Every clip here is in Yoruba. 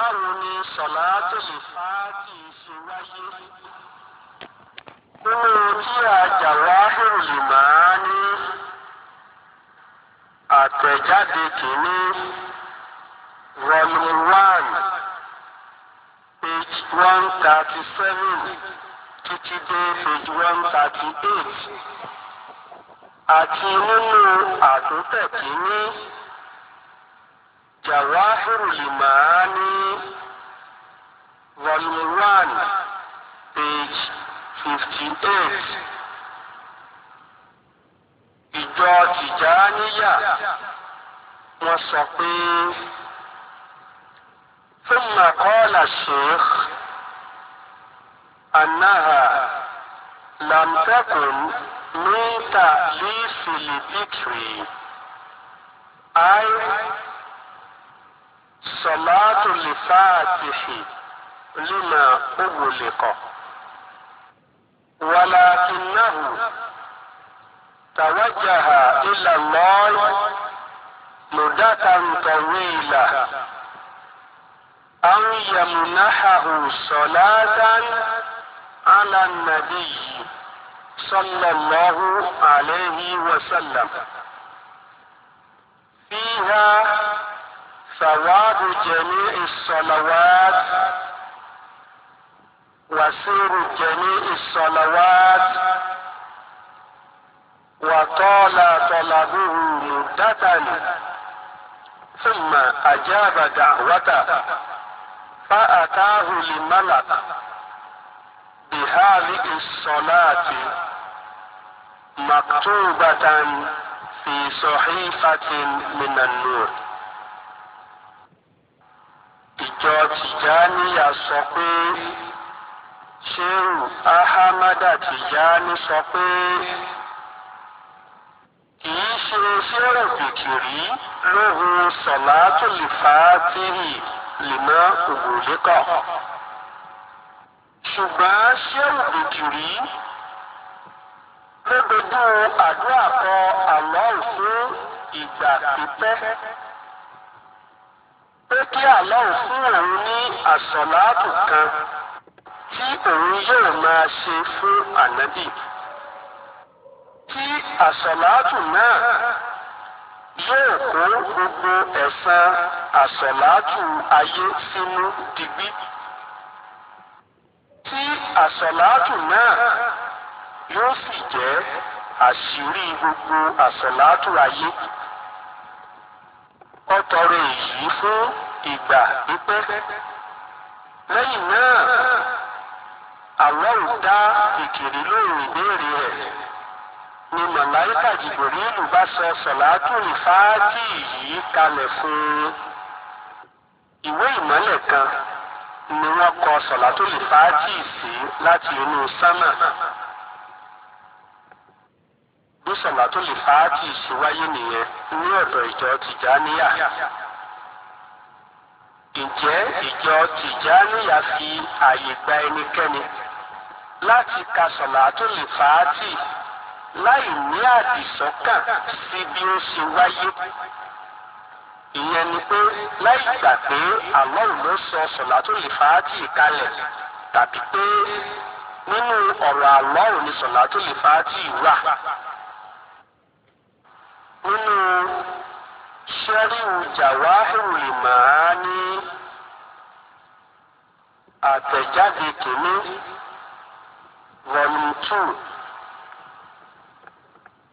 báwo ni sọ̀láàtò lè fà á kì í ṣe wáyé. nínú tíra jàwáhùn lìmáà ní àtẹ̀jáde kìíní volume one page one thirty seven títí dé page one thirty eight àti nínú àtúntẹ̀ kìíní jawahiru limaani volume one page fifty eight ìjọ tìjàníyà wọ́n sọ pé ثم قال الشيخ أنها لم تكن من تأليف الذكر أي صلاة الفاتح لما أغلق ولكنه توجه إلى الله مدة طويلة أو يمنحه صلاة على النبي صلى الله عليه وسلم فيها ثواب جميع الصلوات وسير جميع الصلوات وطال طلبه مدة ثم أجاب دعوته فأتاه لملك بهذه الصلاة مكتوبة في صحيفة من النور ìjọ tìjàníyà sọ pé ṣéhù ahamada tìjàní sọ pé kìí ṣe ṣẹ́rẹ̀ bìkìrí lóhun sọ̀látò lè fà á tìrì lèmọ́ ògùnlékọ̀ ṣùgbọ́n ṣéhù bìkìrí ló àdúrà kọ àlọ́ fún ìgbà pípẹ́ pé kí Allah fún òun ní àsọ̀láàtù kan tí òun yóò máa ṣe fún ànábì tí àsọ̀láàtù náà yóò kó gbogbo ẹ̀san àsọ̀láàtù ayé sínú digbí tí àsọ̀láàtù náà yóò sì jẹ́ àṣírí gbogbo àsọ̀láàtù ayé ọ̀tọ̀rọ̀ èyí yìí fún ìgbà pípẹ́ lẹ́yìn náà àlọ́run dá ìkìrí lóòrùn ìbéèrè rẹ̀ ni màláìkà jìbìrìlù bá sọ sọ̀látùn fáájì yìí kalẹ̀ fún un ìwé ìmọ́lẹ̀ kan ni wọ́n kọ sọ̀látùn fáájì sí láti inú sánà bí sọ̀látùn fáájì ṣe wáyé nìyẹn ní ọ̀dọ̀ ìjọ tìjáníyà ǹjẹ́ ìjọ tìjàníyà fi àyè gba ẹnikẹ́ni láti ka sọ̀làtún lè fàátì láì ní àdìsọ́kàn sí bí ó ṣe wáyé ìyẹn ni pé láì gbà pé Allah ló sọ sọ̀làtún lè fàátì kalẹ̀ tàbí pé nínú ọ̀rọ̀ Allah ni sọ̀làtún lè fàátì wà nínú ṣẹ́ríwù jàwáhìrù ìmáàní àtẹ̀jáde kìíní volume two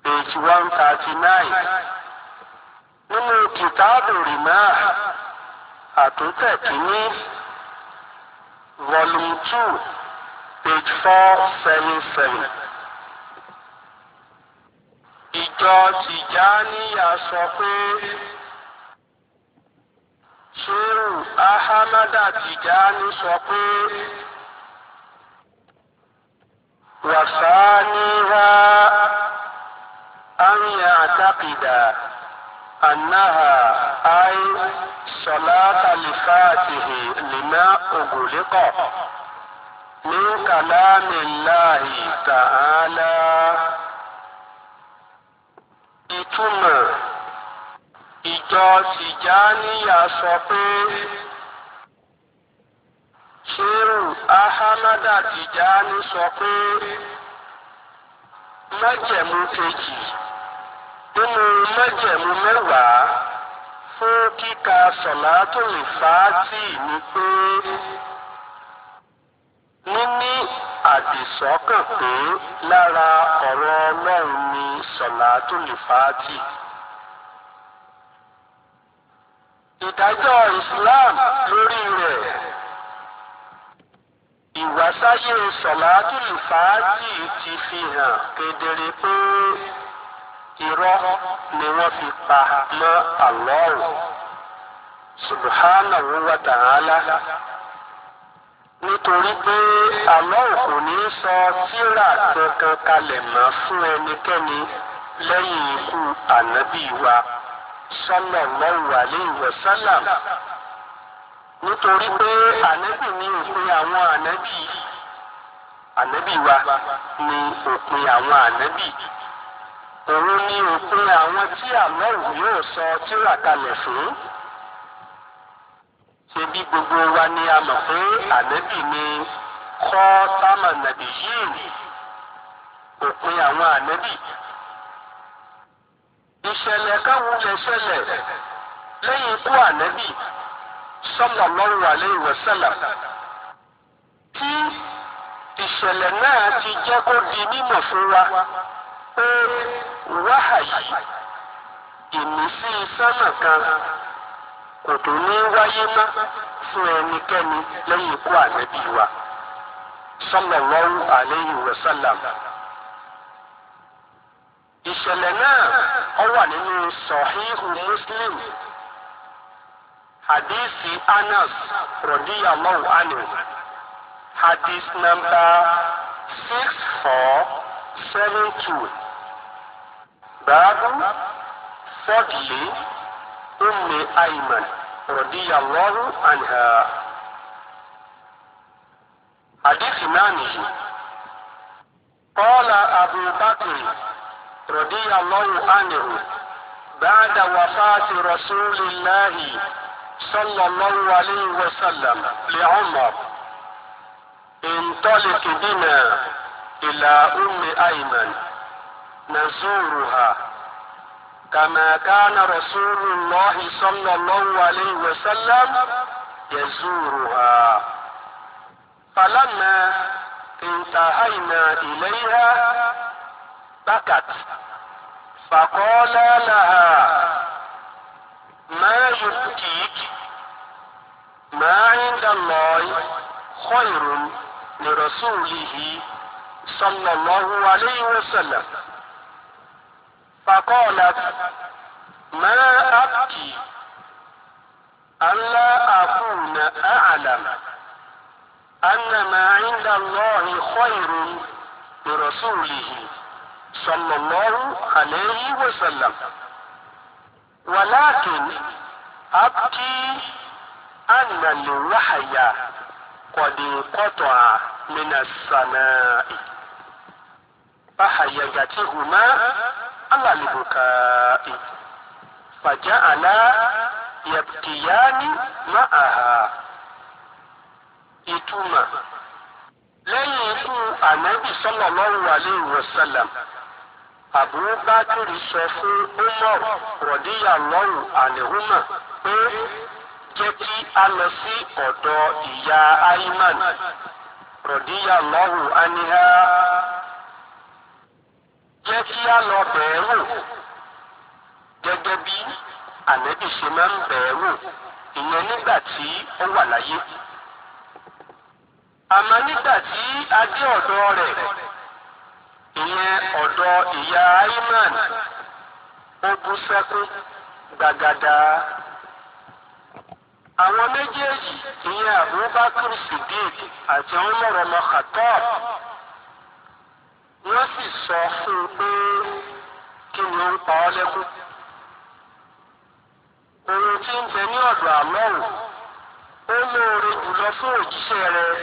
page one thirty nine nínú kìtáàbù rìmá àtúntẹ̀ kìíní volume two page four seven seven ìjọ tìjàníyà sọ pé ṣéèrù ahamada tìjàní sọ pé wàsáníhà àmìyà àtàkìdà annaha ay salata lifatihi lima ogulikọ min kalamillahi ta'ala. túmọ̀ ìjọ tìjàníyà sọ pé ṣéèrù ahamada tìjàní sọ pé májẹ̀mú kejì nínú májẹ̀mú mẹ́wàá fún kíka sọ̀látòlù fàátì ni pé níní. àdìsọ́kàn pé lára ọ̀rọ̀ Ọlọ́run ni Sọ̀látùl Fáàtì. ìdájọ́ Islam lórí rẹ̀ ìwásáyé Sọ̀látùl Fáàtì ti fi hàn kedere pé irọ́ ni wọ́n fi pa mọ́ Allah subhanahu wa ta'ala nítorí pé Allah kò ní sọ síra kankan kalẹ̀ mọ́ fún ẹnikẹ́ni lẹ́yìn ikú ànábì wa sallallahu alayhi wa sallam nítorí pé ànábì ní òpin àwọn ànábì ànábì wa ní òpin àwọn ànábì òun ní òpin àwọn tí Allah yóò sọ síra kalẹ̀ fún ṣebí gbogbo wa ni a mọ̀ pé ànábì ni kọ́ sámà nàbì yìí òpin àwọn ànábì. ìṣẹ̀lẹ̀ káwọn lè ṣẹlẹ̀ lẹ́yìn ikú ànábì sallallahu alayhi wa sallam tí ìṣẹ̀lẹ̀ náà ti jẹ́ kó di mímọ̀ fún wa pé wáhàyí ìmísí sánà kan kò tó ní wáyé mọ́ fún ẹnikẹ́ni lẹ́yìn ikú ànábì wa sallallahu alayhi wa sallam. ìṣẹ̀lẹ̀ náà ó wà nínú sọ̀híhù muslim hadisi anas radiyallahu anhu hadis namba six four seven two baabu fọ́dìlé umme ayman. رضي الله عنها حديث إمامه قال أبو بكر رضي الله عنه بعد وفاة رسول الله صلى الله عليه وسلم لعمر انطلق بنا إلى أم أيمن نزورها كما كان رسول الله صلى الله عليه وسلم يزورها فلما انتهينا إليها بكت فقال لها ما يبكيك ما عند الله خير لرسوله صلى الله عليه وسلم فقالت ما أبكي ألا أكون أعلم أن ما عند الله خير لرسوله صلى الله عليه وسلم ولكن أبكي أن الوحي قد انقطع من السماء فحيجتهما ala libukai faja'ala yabkiyani ma'aha ìtumọ̀ lẹ́yìn ikú ànábì sallallahu alayhi wa sallam Abubakar sọ fún Umar radiyallahu anhuma pé jẹ́ kí a lọ sí ọ̀dọ̀ ìyá Ayman radiyallahu anha jẹ́ kí á lọ bẹ̀ẹ́ wò gẹ́gẹ́ bí ànẹ́bí ṣe máa ń bẹ̀ẹ́ wò ìyẹn nígbà tí ó wà láyé. àmọ́ nígbà tí a dé ọ̀dọ̀ rẹ̀ ìyẹn ọ̀dọ̀ ìyá Ayman ó bú sẹ́kún gbàgàdà. àwọn méjèèjì ìyẹn Abubakar Siddiq àti Umar ọmọ Khattab yóò sì sọ fún un pé kí ni ó ń pa ọ́ lẹ́kún. ohun tí ń bẹ ní ọ̀dọ̀ àlọ́hùn ó lóore jùlọ fún òjíṣẹ́ rẹ̀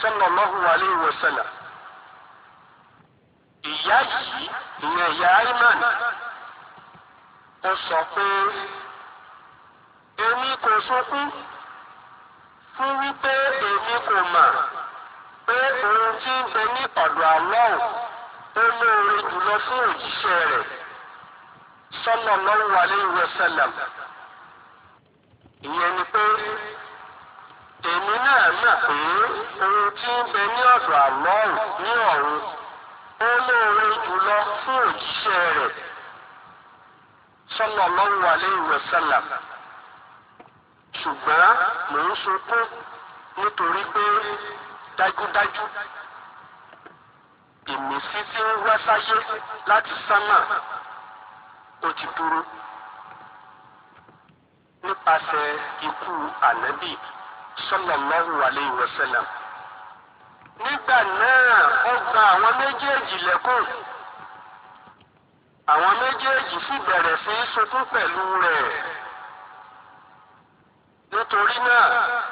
sallallahu alaihi wasallam. ìyá yìí ìyẹn ìyá Ayman ó sọ pé èmi kò sunkún fún wípé èmi kò mà pé ohun tí ń bẹ ní ọ̀dọ̀ Allah ó lóore jùlọ fún òjíṣẹ́ rẹ̀ sallallahu alayhi wa sallam. ìyẹn ni pé èmi náà mọ̀ pé ohun tí ń bẹ ní ọ̀dọ̀ Allah ní ọ̀run ó lóore jùlọ fún òjíṣẹ́ rẹ̀ sallallahu alayhi wa sallam. ṣùgbọ́n mò ń sunkún nítorí pé dájúdájú ìmísí tí ń wá sáyé láti sánmà ó ti dúró nípasẹ̀ ikú ànábì sallallahu alayhi wa sallam. nígbà náà ó gba àwọn méjèèjì lẹ́kùn àwọn méjèèjì sì bẹ̀rẹ̀ sí í sunkún pẹ̀lú rẹ̀ nítorí náà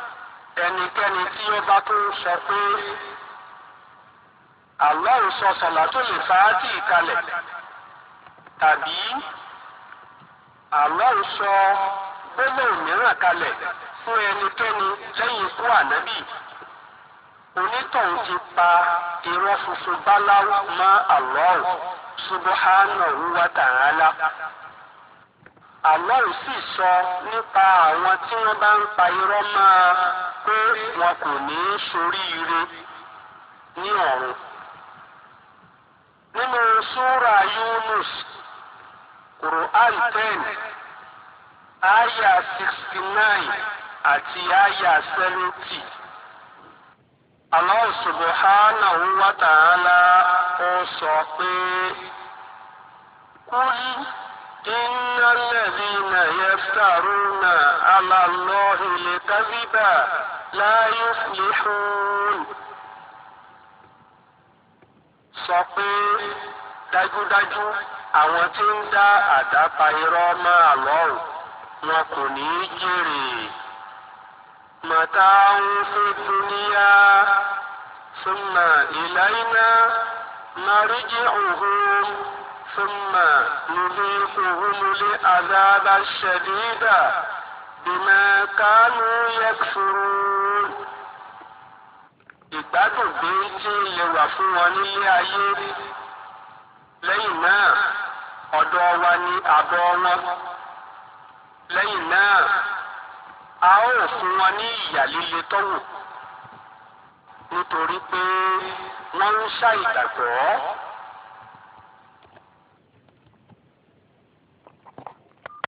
ẹnikẹ́ni tí ó bá tó sọ pé Allah sọ sàlátò lè fàátì kalẹ̀ tàbí Allah sọ gbólóhùn mìíràn kalẹ̀ fún ẹnikẹ́ni lẹ́yìn ikú ànábì onítọ̀hún ti pa irọ́ funfun báláwo mọ́ Allah subuhánahu wa ta'ala. Allah sì sọ nípa àwọn tí wọ́n bá ń pa irọ́ mọ́ ọ. pé wọn kò ní í ṣoríire ní ọ̀run. nínú súra Yunus Quran ten aya sixty nine àti aya seventy Allah subhanahu wa ta'ala ó sọ pé kúlí. إن الذين يفترون على الله الكذب لا يفلحون sọ pé dájúdájú àwọn tí ń dá àdápa irọ́ máa lọ́rùn wọn kò ní í jèrè mọ̀tá ń fi dúníyà súnmọ́ ìlànà مرجعهم ثم نذيقهم العذاب الشديد بما كانوا يكفرون ìgbádùn gbé tí ó lè wà fún wọn nílé ayé rí lẹ́yìn náà ọ̀dọ̀ wa ni àbọ̀ wọn lẹ́yìn náà a ó fún wọn ní ìyà líle tọ́wò nítorí pé wọ́n ń ṣàìgbàgbọ́.